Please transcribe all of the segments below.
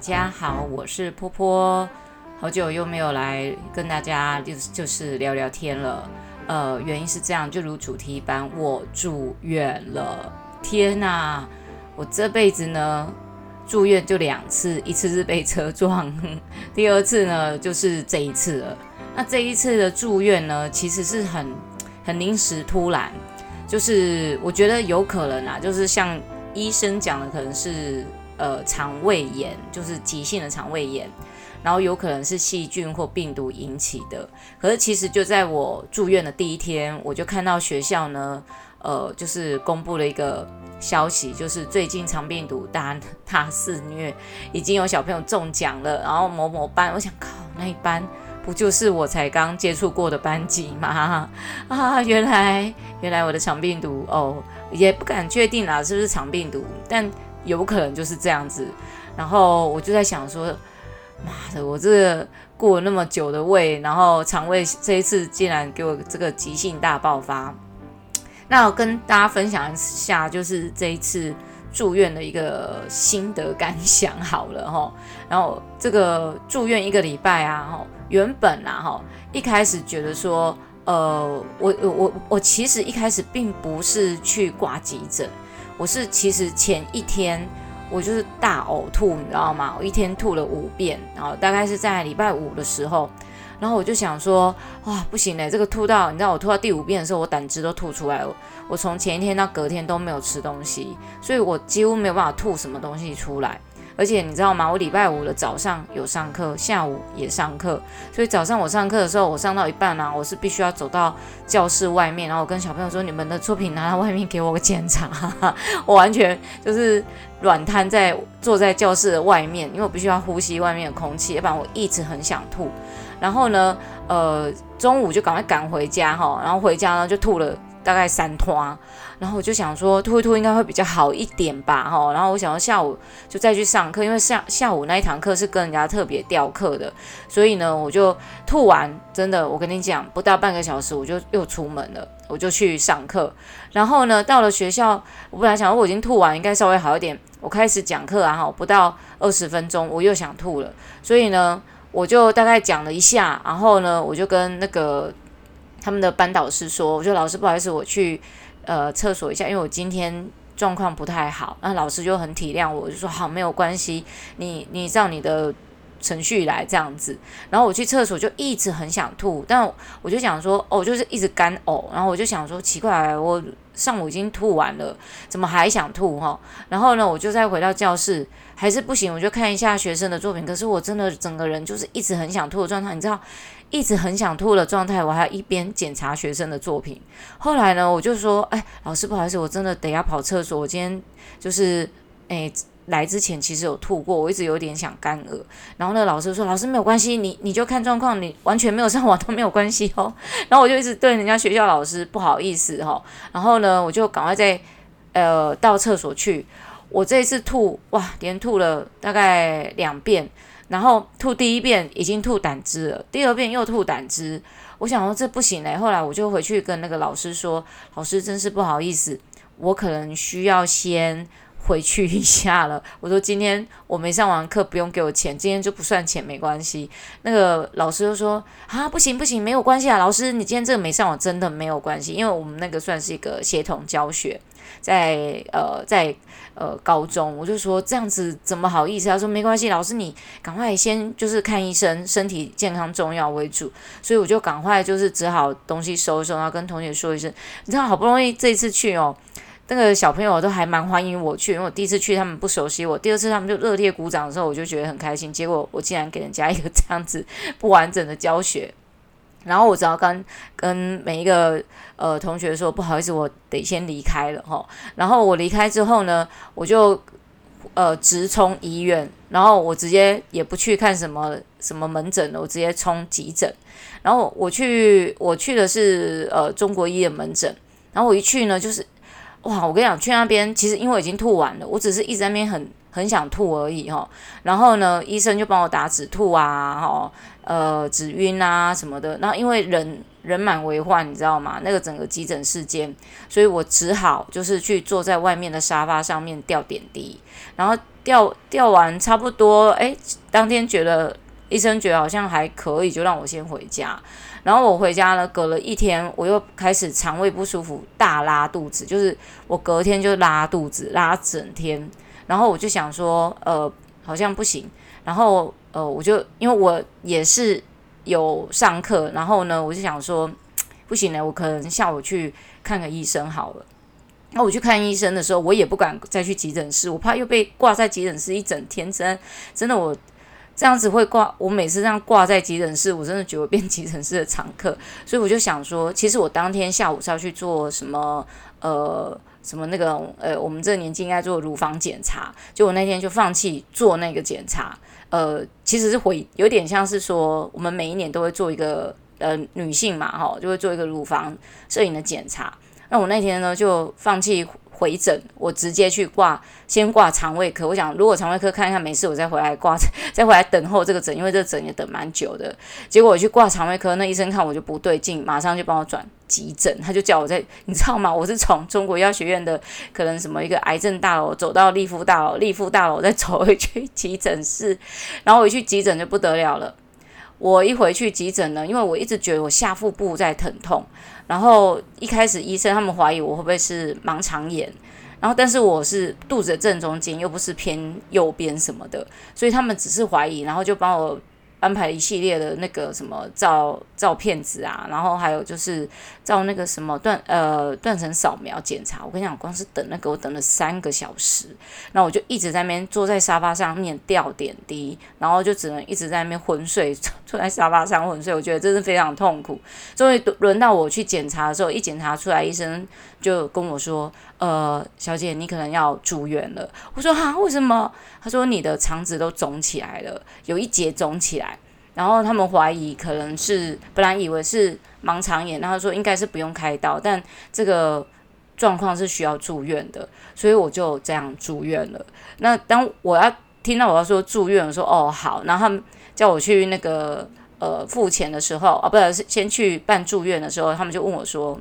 大家好，我是坡坡。好久又沒有來跟大家就就是聊聊天了。呃，原因是這樣，就如主題般，我住院了。天哪，我這輩子呢住院就兩次，一次是被車撞，第二次呢就是這一次了。那這一次的住院呢，其實是很很臨時、突然，就是我覺得有可能啊，就是像醫生講的，可能是。呃，腸胃炎就是急性的腸胃炎，然後有可能是細菌或病毒引起的。可是其實就在我住院的第一天，我就看到學校呢，呃，就是公布了一個消息，就是最近腸病毒大大肆虐，已經有小朋友中獎了。然後某某班，我想靠，那一班不就是我才剛接觸過的班級嗎？啊，原來原來我的腸病毒哦，也不敢確定啦，啊，是不是腸病毒？但有可能就是這樣子，然後我就在想說，媽的，我這過了那麼久的胃，然後腸胃這一次竟然給我這個急性大爆發。那我跟大家分享一下，就是這一次住院的一個心得感想好了哦，然後這個住院一個禮拜啊，哈，原本啊，哈，一開始覺得說，呃，我我我，我其實一開始並不是去掛急診。我是其實前一天我就是大嘔吐，你知道嗎？我一天吐了五遍，然後大概是在禮拜五的時候，然後我就想說，哇，不行嘞，這個吐到，你知道我吐到第五遍的時候，我膽汁都吐出來了。我從前一天到隔天都沒有吃東西，所以我幾乎沒有辦法吐什麼東西出來。而且你知道嗎？我禮拜五的早上有上課，下午也上課，所以早上我上課的時候，我上到一半呢、啊，我是必須要走到教室外面，然後我跟小朋友說：“你們的作品拿到外面給我個檢查。 ”我完全就是軟癱在坐在教室的外面，因為我必須要呼吸外面的空氣，要不然我一直很想吐。然後呢，呃，中午就趕快趕回家哈，然後回家呢就吐了。大概三坨，然後我就想說吐一吐應該會比較好一點吧哈，然後我想到下午就再去上課，因為下下午那一堂課是跟人家特別調課的，所以呢我就吐完，真的我跟你講不到半個小時我就又出門了，我就去上課，然後呢到了學校，我本來想說我已經吐完應該稍微好一點，我開始講課啊，然後不到二十分鐘我又想吐了，所以呢我就大概講了一下，然後呢我就跟那個。他們的班導師說：“我說老師，不好意思，我去呃廁所一下，因為我今天狀況不太好。”那老師就很體諒我，我就說：“好，沒有關係，你你照你的程序來這樣子。”然後我去廁所就一直很想吐，但我就想說：“哦，就是一直乾嘔。”然後我就想說：“奇怪，我上午已經吐完了，怎麼還想吐哈、哦？”然後呢，我就再回到教室，還是不行，我就看一下學生的作品。可是我真的整個人就是一直很想吐的狀態，你知道？一直很想吐的狀態，我還要一邊檢查學生的作品。後來呢，我就說：“哎，老師，不好意思，我真的得要跑廁所。我今天就是，哎，來之前其實有吐過，我一直有點想乾嘔。然後呢，老師說：老師沒有關係，你你就看狀況，你完全沒有上網都沒有關係哦。然後我就一直對人家學校老師不好意思哈哦。然後呢，我就趕快在呃到廁所去。我這一次吐哇，連吐了大概兩遍。”然後吐第一遍已經吐膽汁了，第二遍又吐膽汁。我想說這不行嘞，後來我就回去跟那個老師說：“老師，真是不好意思，我可能需要先。”回去一下了，我說今天我沒上完課，不用給我錢，今天就不算錢，沒關係。那個老師就說啊，不行不行，沒有關係啊，老師你今天這個沒上完真的沒有關係，因為我們那個算是一個協同教學，在呃在呃高中，我就說這樣子怎麼好意思？他說沒關係，老師你趕快先就是看醫生，身體健康重要為主，所以我就趕快就是只好東西收一收，然後跟同學說一聲，你知道好不容易這一次去哦。那個小朋友都還蠻歡迎我去，因為我第一次去他們不熟悉我，第二次他們就熱烈鼓掌的時候，我就覺得很開心。結果我竟然給人家一個這樣子不完整的教學，然後我只要剛跟每一個呃同學說不好意思，我得先離開了吼，然後我離開之後呢，我就呃直衝醫院，然後我直接也不去看什麼什麼門診了，我直接衝急診。然後我去我去的是呃中國醫院門診，然後我一去呢就是。哇，我跟你講，去那邊其實因為已經吐完了，我只是一直在那邊很很想吐而已齁。然後呢，醫生就幫我打止吐啊，齁，呃，止暈啊什麼的。那因為人人滿為患，你知道嗎？那個整個急診室間，所以我只好就是去坐在外面的沙發上面吊點滴。然後吊吊完差不多，誒，當天覺得醫生覺得好像還可以，就讓我先回家。然後我回家了，隔了一天，我又開始腸胃不舒服，大拉肚子，就是我隔天就拉肚子，拉整天。然後我就想說，呃，好像不行。然後呃，我就因為我也是有上課，然後呢，我就想說，不行了，我可能下午去看個醫生好了。那我去看醫生的時候，我也不敢再去急診室，我怕又被掛在急診室一整天。真真的我。這樣子會掛，我每次這樣掛在急診室，我真的覺得變急診室的常客，所以我就想說，其實我當天下午是要去做什麼，呃，什麼那個，呃、欸，我們這個年紀應該做乳房檢查，就我那天就放棄做那個檢查，呃，其實是會有點像是說，我們每一年都會做一個，呃，女性嘛哈，就會做一個乳房攝影的檢查。那我那天呢就放棄回診，我直接去掛，先掛腸胃科。我想如果腸胃科看一下沒事，我再回來掛，再回來等候這個診，因為這個診也等蠻久的。結果我去掛腸胃科，那醫生看我就不對勁，馬上就幫我轉急診。他就叫我在，你知道嗎？我是從中國醫藥學院的，可能什麼一個癌症大樓走到立夫大樓，立夫大樓再走回去急診室，然後我一回去急診就不得了了。我一回去急診呢，因為我一直覺得我下腹部在疼痛。然後一開始醫生他們懷疑我會不會是盲腸炎，然後但是我是肚子的正中間，又不是偏右邊什麼的，所以他們只是懷疑，然後就幫我。安排一系列的那個什麼照照片子啊，然後還有就是照那個什麼斷呃斷層掃描檢查。我跟你講，光是等那個我等了三個小時，那我就一直在那邊坐在沙發上面吊點滴，然後就只能一直在那邊昏睡，坐在沙發上昏睡。我覺得真是非常痛苦。終於輪到我去檢查的時候，一檢查出來，醫生。就跟我說，呃，小姐，你可能要住院了。我說哈，為什麼？他說你的腸子都腫起來了，有一節腫起來，然後他們懷疑可能是，本來以為是盲腸炎，然後他說應該是不用開刀，但這個狀況是需要住院的，所以我就這樣住院了。那當我要聽到我要說住院，我說哦，好，然後他們叫我去那個呃付錢的時候，啊，不是先去辦住院的時候，他們就問我說。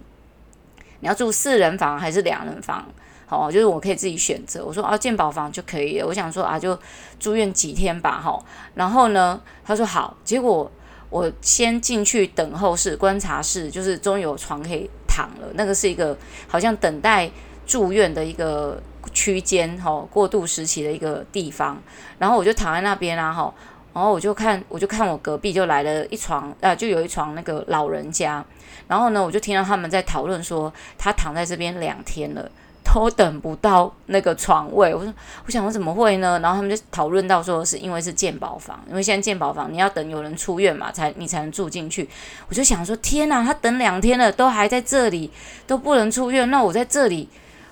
你要住四人房還是兩人房？好、哦，就是我可以自己選擇。我說啊，健保房就可以了。我想說啊，就住院幾天吧，哈、哦。然後呢，他說好。結果我先進去等候室、觀察室，就是終於有床可以躺了。那個是一個好像等待住院的一個區間，哈、哦，過渡時期的一個地方。然後我就躺在那邊啦、啊，哈、哦。然後我就看，我就看我隔壁就來了一床，啊、呃，就有一床那個老人家。然後呢，我就聽到他們在討論說，他躺在這邊兩天了，都等不到那個床位。我說，我想我怎麼會呢？然後他們就討論到說，是因為是健保房，因為現在健保房你要等有人出院嘛，才你才能住進去。我就想說，天吶，他等兩天了，都還在這裡，都不能出院，那我在這裡。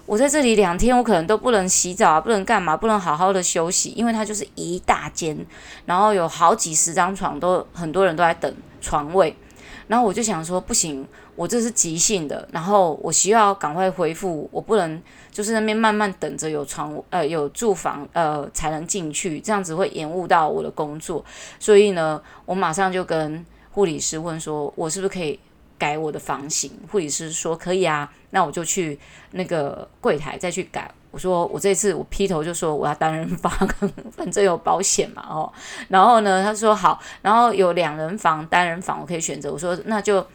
我在這裡兩天，我可能都不能洗澡啊，不能幹嘛，不能好好的休息，因為它就是一大間，然後有好幾十張床都，都很多人都在等床位，然後我就想說，不行，我這是急性的，然後我需要趕快恢復，我不能就是那邊慢慢等着有床呃有住房呃才能進去，這樣子會延誤到我的工作，所以呢，我馬上就跟護理師問說，我是不是可以？改我的房型，護理師說可以啊，那我就去那個櫃檯再去改。我說我這次我劈頭就說我要單人房，反正有保險嘛，哦。然後呢，他說好，然後有兩人房、單人房我可以選擇。我說那就，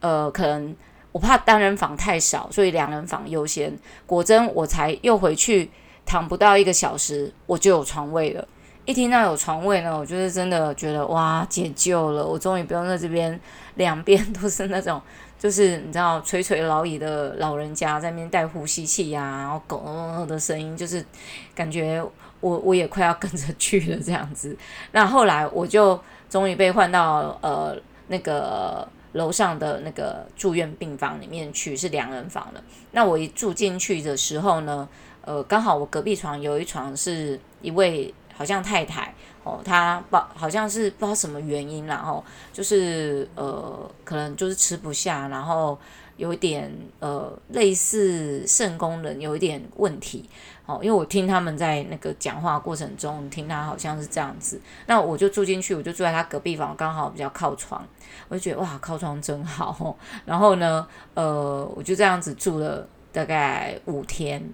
呃，可能我怕單人房太少，所以兩人房優先。果真，我才又回去躺不到一個小時，我就有床位了。一聽到有床位呢，我就是真的覺得哇，解救了！我終於不用在這邊兩邊都是那種，就是你知道垂垂老矣的老人家在那邊帶呼吸器呀，然後“咯咯”的聲音，就是感覺我我也快要跟着去了這樣子。那後來我就終於被換到呃那個樓上的那個住院病房裡面去，是兩人房了。那我一住進去的時候呢，呃，剛好我隔壁床有一床是一位。好像太太哦，她不好像是不知道什麼原因，然後就是呃，可能就是吃不下，然後有一點呃類似腎功能有一點問題，哦。因為我聽他們在那個講話過程中，聽他好像是這樣子，那我就住進去，我就住在他隔壁房，剛好比較靠窗，我就覺得哇靠窗真好，然後呢，呃，我就這樣子住了大概五天，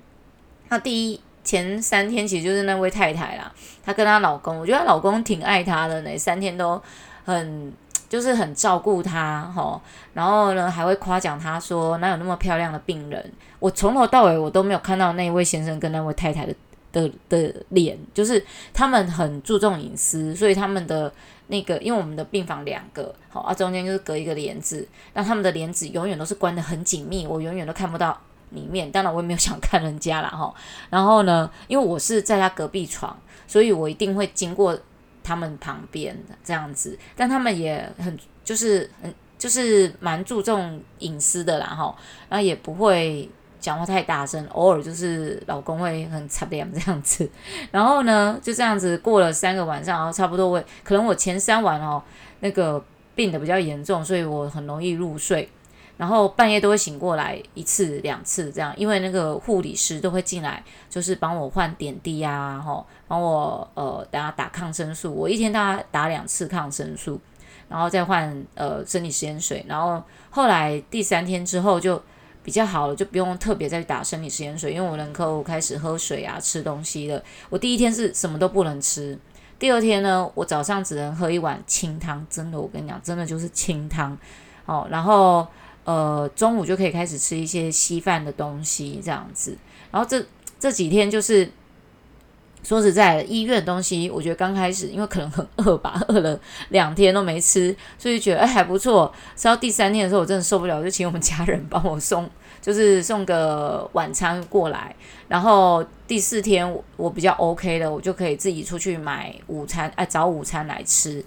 那第一。前三天其實就是那位太太啦，她跟她老公，我覺得她老公挺愛她的呢，三天都很就是很照顧她吼，然後呢，還會誇獎她說，哪有那麼漂亮的病人。我從頭到尾我都沒有看到那位先生跟那位太太的的的臉，就是他們很注重隱私，所以他們的那個，因為我們的病房兩個吼啊，中間就是隔一個簾子，那他們的簾子永遠都是關得很緊密，我永遠都看不到裡面當然我也沒有想看人家啦，吼，然後呢，因為我是在他隔壁床，所以我一定會經過他們旁邊這樣子，但他們也很就是嗯就是蠻注重隱私的啦，吼，然後也不會講話太大聲，偶爾就是老公會很差點這樣子，然後呢就這樣子過了三個晚上，然後差不多會可能我前三晚哦那個病得比較嚴重，所以我很容易入睡，然後半夜都會醒過來一次兩次這樣，因為那個護理師都會進來，就是幫我換點滴呀，吼，幫我呃，等下打抗生素。我一天大概打兩次抗生素，然後再換呃生理食鹽水。然後後來第三天之後就比較好了，就不用特別再打生理食鹽水，因為我人口開始喝水啊，吃東西了。我第一天是什麼都不能吃，第二天呢，我早上只能喝一碗清湯，真的，我跟你講，真的就是清湯，哦，然後。呃，中午就可以開始吃一些稀飯的東西這樣子。然後這這幾天就是說實在的，醫院的東西我覺得剛開始，因為可能很餓吧，餓了兩天都沒吃，所以覺得、哎、還不錯。吃到第三天的時候，我真的受不了，就請我們家人幫我送，就是送個晚餐過來。然後第四天我，我比較 OK 的，我就可以自己出去買午餐，啊、哎，找午餐來吃。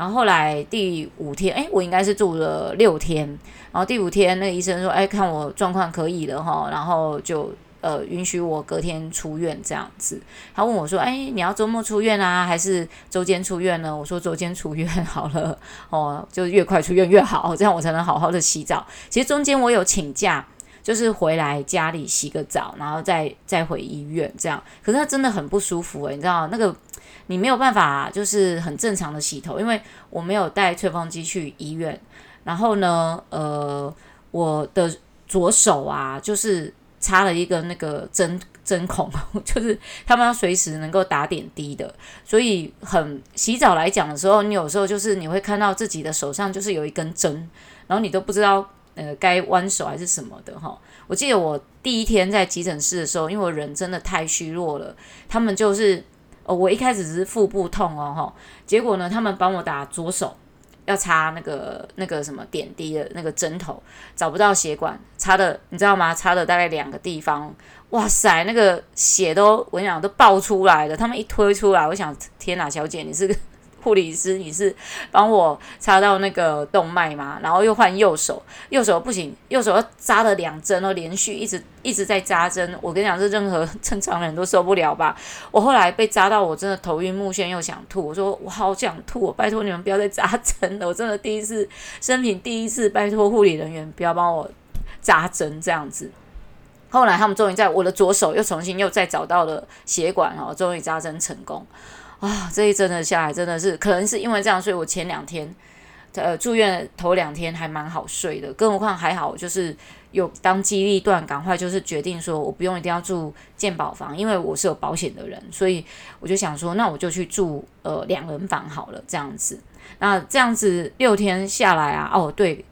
然後後來第五天，誒，我應該是住了六天。然後第五天，那個醫生說，誒，看我狀況可以了吼，然後就呃允許我隔天出院這樣子。他問我說，誒，你要周末出院啊，還是周間出院呢？我說周間出院好了，哦，就越快出院越好，這樣我才能好好的洗澡。其實中間我有請假，就是回來家裡洗個澡，然後再再回醫院這樣。可是他真的很不舒服誒、欸，你知道那個。你沒有辦法，就是很正常的洗頭，因為我沒有帶吹風機去醫院。然後呢，呃，我的左手啊，就是插了一個那個針針孔，就是他們要隨時能夠打點滴的。所以很，很洗澡來講的時候，你有時候就是你會看到自己的手上就是有一根針，然後你都不知道呃該彎手還是什麼的哈。我記得我第一天在急診室的時候，因為我人真的太虛弱了，他們就是。哦，我一開始只是腹部痛哦，吼，結果呢，他們幫我打左手，要插那個那個什麼點滴的那個針頭，找不到血管，插的你知道嗎？插的大概兩個地方，哇塞，那個血都我跟你講都爆出來了，他們一推出來，我想天哪、啊，小姐你是。護理師，你是幫我插到那個動脈嗎？然後又換右手，右手不行，右手扎了兩針，然後連續一直一直在扎針。我跟你講，這任何正常人都受不了吧？我後來被扎到，我真的頭暈目眩又想吐。我說我好想吐，我拜託你們不要再扎針了。我真的第一次生平第一次，拜託護理人員不要幫我扎針這樣子。後來他們終於在我的左手又重新又再找到了血管哦，終於扎針成功。啊、哦，這一真的下來真的是，可能是因為這樣，所以我前兩天，呃，住院頭兩天還蠻好睡的。更何況還好，就是有當機立斷，趕快就是決定說，我不用一定要住健保房，因為我是有保險的人，所以我就想說，那我就去住呃兩人房好了，這樣子。那這樣子六天下來啊，哦對，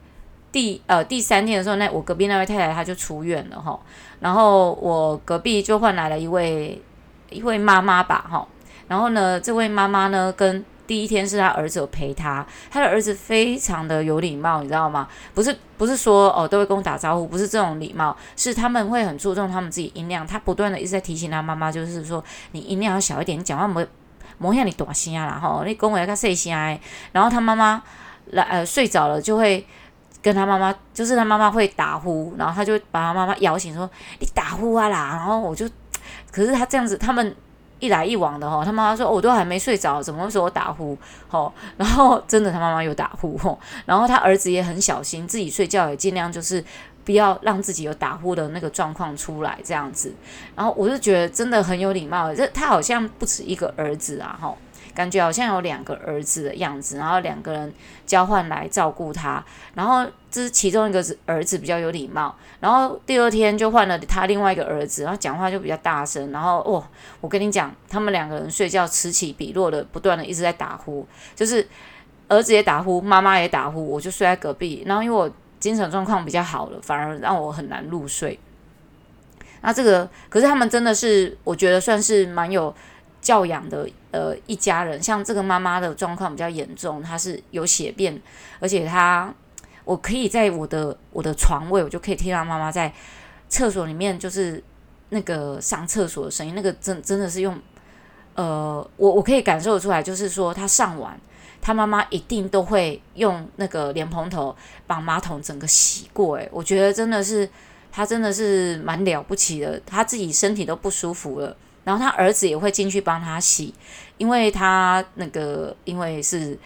第呃第三天的時候，那我隔壁那位太太她就出院了吼，然後我隔壁就換來了一位一位媽媽吧吼。然後呢，這位媽媽呢，跟第一天是他兒子有陪他，他的兒子非常的有禮貌，你知道嗎？不是，不是說哦，都會跟我打招呼，不是這種禮貌，是他們會很注重他們自己音量，他不斷的一直在提醒他媽媽，就是說你音量要小一點，你講話沒，沒樣你短啊、哦。然後你跟我一個睡細啊，然後他媽媽來呃睡着了，就會跟他媽媽，就是他媽媽會打呼，然後他就把他媽媽搖醒說，說你打呼啊啦，然後我就，可是他這樣子，他們。一來一往的哈，他媽媽說、哦、我都還沒睡着，怎麼會說我打呼？吼、哦，然後真的他媽媽又打呼，然後他兒子也很小心，自己睡覺也盡量就是。不要讓自己有打呼的那個狀況出來，這樣子。然後我就覺得真的很有禮貌，這他好像不止一個兒子啊，吼，感覺好像有兩個兒子的樣子。然後兩個人交換來照顧他，然後這是其中一個兒子比較有禮貌。然後第二天就換了他另外一個兒子，然後講話就比較大聲。然後哦，我跟你講，他們兩個人睡覺此起彼落的，不斷的一直在打呼，就是兒子也打呼，媽媽也打呼，我就睡在隔壁。然後因為我。精神狀況比較好了，反而讓我很難入睡。那這個，可是他們真的是，我覺得算是蠻有教養的呃一家人。像這個媽媽的狀況比較嚴重，她是有血便，而且她，我可以在我的我的床位，我就可以聽到媽媽在廁所裡面就是那個上廁所的聲音，那個真真的是用呃，我我可以感受出來，就是說她上完，他媽媽一定都會用那個蓮蓬頭把馬桶整個洗過，欸，誒，我覺得真的是他真的是蠻了不起的。他自己身體都不舒服了，然後他兒子也會進去幫他洗，因為他那個因為是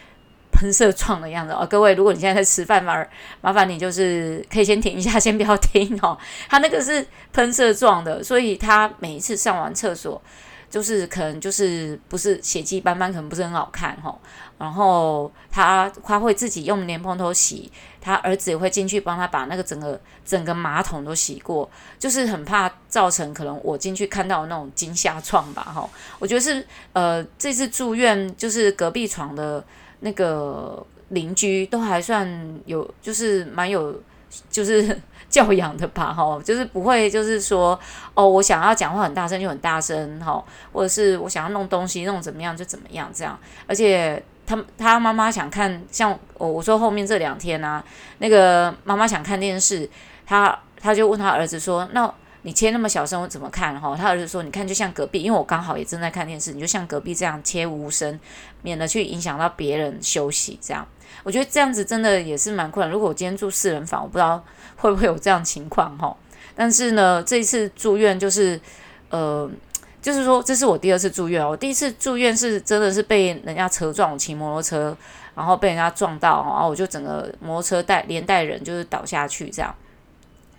噴射狀的樣子哦。各位，如果你現在在吃飯嘛，麻煩你就是可以先停一下，先不要聽哦。他那個是噴射狀的，所以他每一次上完廁所，就是可能就是不是血跡斑斑，可能不是很好看哦。然後他他會自己用蓮蓬頭洗，他兒子也會進去幫他把那個整個整個馬桶都洗過，就是很怕造成可能我進去看到那種驚嚇狀吧，哈。我覺得是呃，這次住院就是隔壁床的那個鄰居都還算有，就是蠻有就是教養的吧，哈，就是不會就是說哦，我想要講話很大聲就很大聲，哈，或者是我想要弄東西弄怎麼樣就怎麼樣這樣，而且。他他媽媽想看，像我我說後面這兩天啊，那個媽媽想看電視，他他就問他兒子說：“那你切那麼小聲，我怎麼看？”吼，他兒子說：“你看，就像隔壁，因為我剛好也正在看電視，你就像隔壁這樣切無聲，免得去影響到別人休息。”這樣，我覺得這樣子真的也是蠻困難。如果我今天住四人房，我不知道會不會有這樣情況吼，但是呢，這一次住院就是，呃。就是說，這是我第二次住院。我第一次住院是真的是被人家車撞，我騎摩托車，然後被人家撞到，然後我就整個摩托車帶連帶人就是倒下去這樣。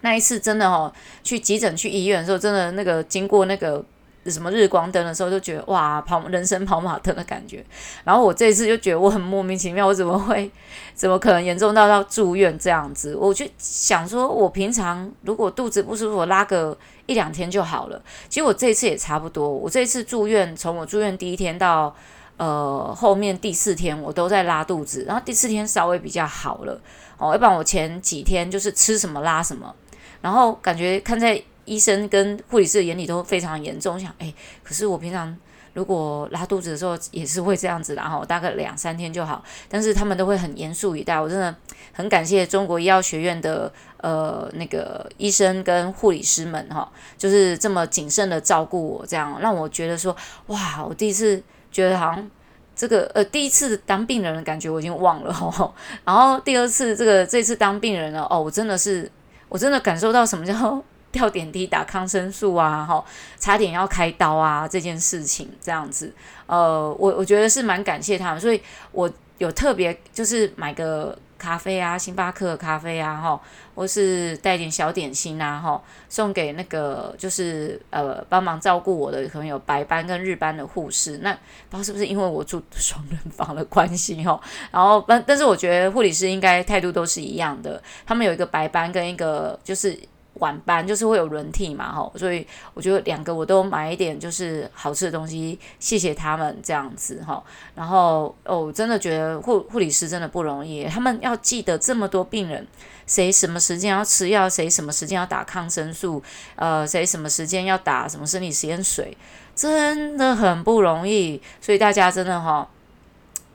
那一次真的齁，去急診去醫院的時候，真的那個經過那個。什麼日光燈的時候就覺得哇，跑人生跑馬燈的感覺，然後我這一次就覺得我很莫名其妙，我怎麼會怎麼可能嚴重到要住院這樣子？我就想說，我平常如果肚子不舒服，我拉個一兩天就好了，其實我這次也差不多。我這次住院，從我住院第一天到呃後面第四天，我都在拉肚子，然後第四天稍微比較好了哦，要不然我前幾天就是吃什麼拉什麼，然後感覺看在。醫生跟護理師的眼裡都非常嚴重，想哎、欸，可是我平常如果拉肚子的時候也是會這樣子，然後大概兩三天就好。但是他們都會很嚴肅以待，我真的很感謝中國醫藥學院的呃那個醫生跟護理師們哈，就是這麼謹慎的照顧我，這樣讓我覺得說哇，我第一次覺得好像這個呃第一次當病人的感覺我已經忘了，然後第二次這個這次當病人了哦、喔，我真的是我真的感受到什麼叫。吊點滴、打抗生素啊，吼，差點要開刀啊，這件事情這樣子，呃，我我覺得是蠻感謝他們，所以我有特別就是買個咖啡啊，星巴克咖啡啊，吼，或是帶點小點心啊，吼，送給那個就是呃幫忙照顧我的朋友，可能有白班跟日班的護士。那不知道是不是因為我住雙人房的關係，吼，然後但但是我覺得護理師應該態度都是一樣的，他們有一個白班跟一個就是。晚班就是會有輪替，嘛吼。所以我覺得兩個我都買一點就是好吃的東西，謝謝他們這樣子吼。然後哦，真的覺得護護理師真的不容易，他們要記得這麼多病人，誰什麼時間要吃藥，誰什麼時間要打抗生素，呃，誰什麼時間要打什麼生理食鹽水，真的很不容易。所以大家真的吼，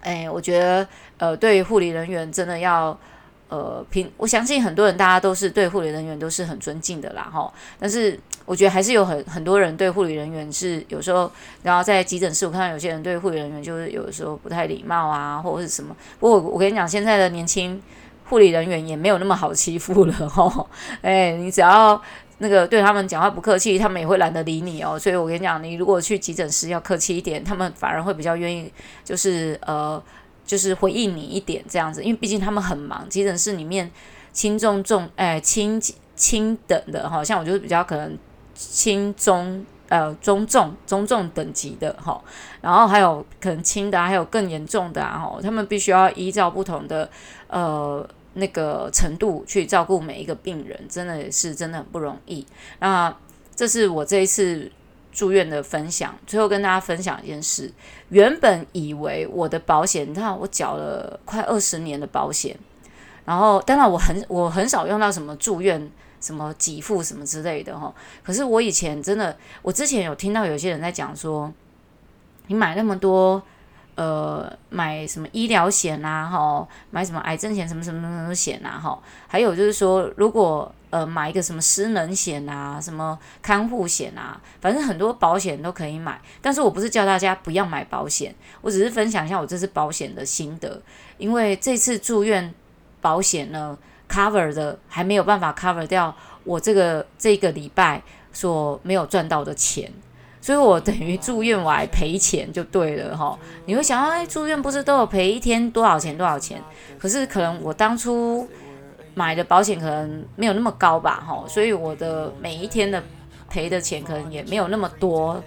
哎、欸，我覺得呃，對護理人員真的要。呃，平我相信很多人大家都是對護理人員都是很尊敬的啦，哈。但是我覺得還是有很很多人對護理人員是有時候，然後在急診室我看到有些人對護理人員就是有時候不太禮貌啊，或者是什麼。不過我，我跟你講，現在的年輕護理人員也沒有那麼好欺負了齁，哈。哎，你只要那個對他們講話不客氣，他們也會懶得理你哦、喔。所以我跟你講，你如果去急診室要客氣一點，他們反而會比較願意，就是呃。就是回應你一點這樣子，因為畢竟他們很忙，急診室裡面輕重重，哎，輕輕等的哈、哦，像我就是比較可能輕中，呃，中重中重等級的哈、哦，然後還有可能輕的，啊，還有更嚴重的哈、啊哦，他們必須要依照不同的呃那個程度去照顧每一個病人，真的也是真的很不容易。那這是我這一次。住院的分享，最後跟大家分享一件事。原本以為我的保險，你看我繳了快二十年的保險，然後當然我很我很少用到什麼住院、什麼給付、什麼之類的哈。可是我以前真的，我之前有聽到有些人在講說，你買那麼多呃，買什麼醫療險啊，哈，買什麼癌症險什麼什麼什麼險啊，哈，還有就是說如果。呃，買一個什麼失能險啊，什麼看護險啊，反正很多保險都可以買。但是我不是叫大家不要買保險，我只是分享一下我這次保險的心得。因為這次住院保險呢，cover 的還沒有辦法 cover 掉我這個這個禮拜所沒有賺到的錢，所以我等於住院我還賠錢就對了吼，你會想，哎、欸，住院不是都有賠一天多少錢多少錢？可是可能我當初。買的保險可能沒有那麼高吧，哦，所以我的每一天的賠的錢可能也沒有那麼多。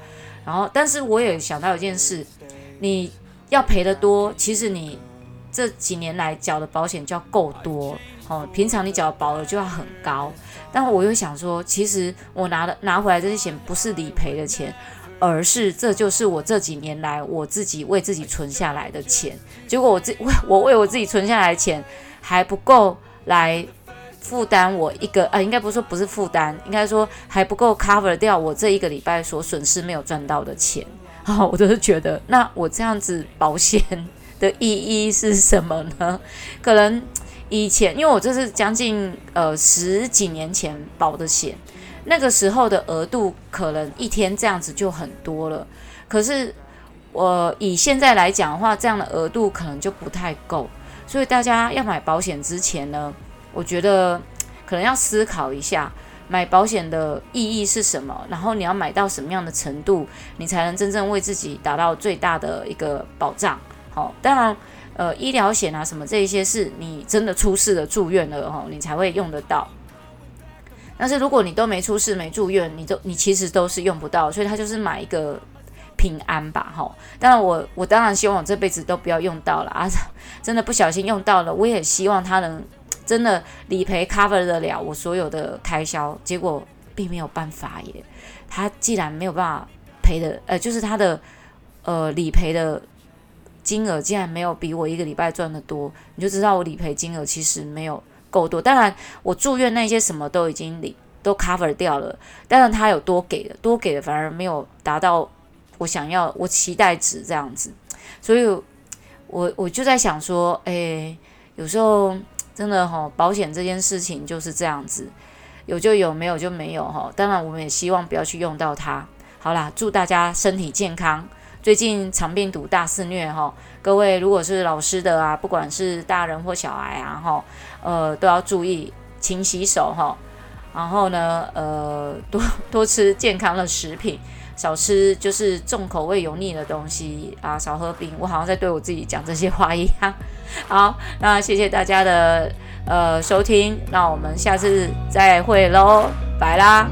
然後，但是我也想到一件事，你要賠的多，其實你這幾年來繳的保險就要夠多，哦，平常你繳的保額就要很高。但我又想說，其實我拿的拿回來這些錢不是理賠的錢，而是這就是我這幾年來我自己為自己存下來的錢。結果我自我為我自己存下來的錢還不夠。來負擔我一個啊，應該不是說，不是負擔，應該說還不夠 cover 掉我這一個禮拜所損失沒有賺到的錢。好，我都是覺得，那我這樣子保險的意義是什麼呢？可能以前因為我這是將近呃十幾年前保的險，那個時候的額度可能一天這樣子就很多了，可是我呃以現在來講的話，這樣的額度可能就不太夠。所以大家要買保險之前呢，我覺得可能要思考一下買保險的意義是什麼，然後你要買到什麼樣的程度，你才能真正為自己達到最大的一個保障。好，當然，呃，醫療險啊什麼這些是你真的出事了住院了哦，你才會用得到。但是如果你都沒出事、沒住院，你都你其實都是用不到，所以他就是買一個。平安吧，哈！但我我當然希望我這輩子都不要用到了啊！真的不小心用到了，我也希望他能真的理賠 cover 得了我所有的開銷。結果並沒有辦法耶！他既然沒有辦法賠的，呃，就是他的呃理賠的金額竟然沒有比我一個禮拜賺的多，你就知道我理賠金額其實沒有夠多。當然，我住院那些什麼都已經理都 cover 掉了，但是他有多給的，多給的反而沒有達到。我想要，我期待值這樣子，所以，我我就在想說，哎、欸，有時候真的吼保險這件事情就是這樣子，有就有，沒有就沒有吼。當然，我們也希望不要去用到它。好啦，祝大家身體健康。最近腸病毒大肆虐吼，各位如果是老師的啊，不管是大人或小孩啊吼，呃，都要注意勤洗手吼，然後呢，呃，多多吃健康的食品。少吃就是重口味油膩的東西啊！少喝冰，我好像在對我自己講這些話一樣。好，那謝謝大家的呃收聽，那我們下次再會嘍，拜啦。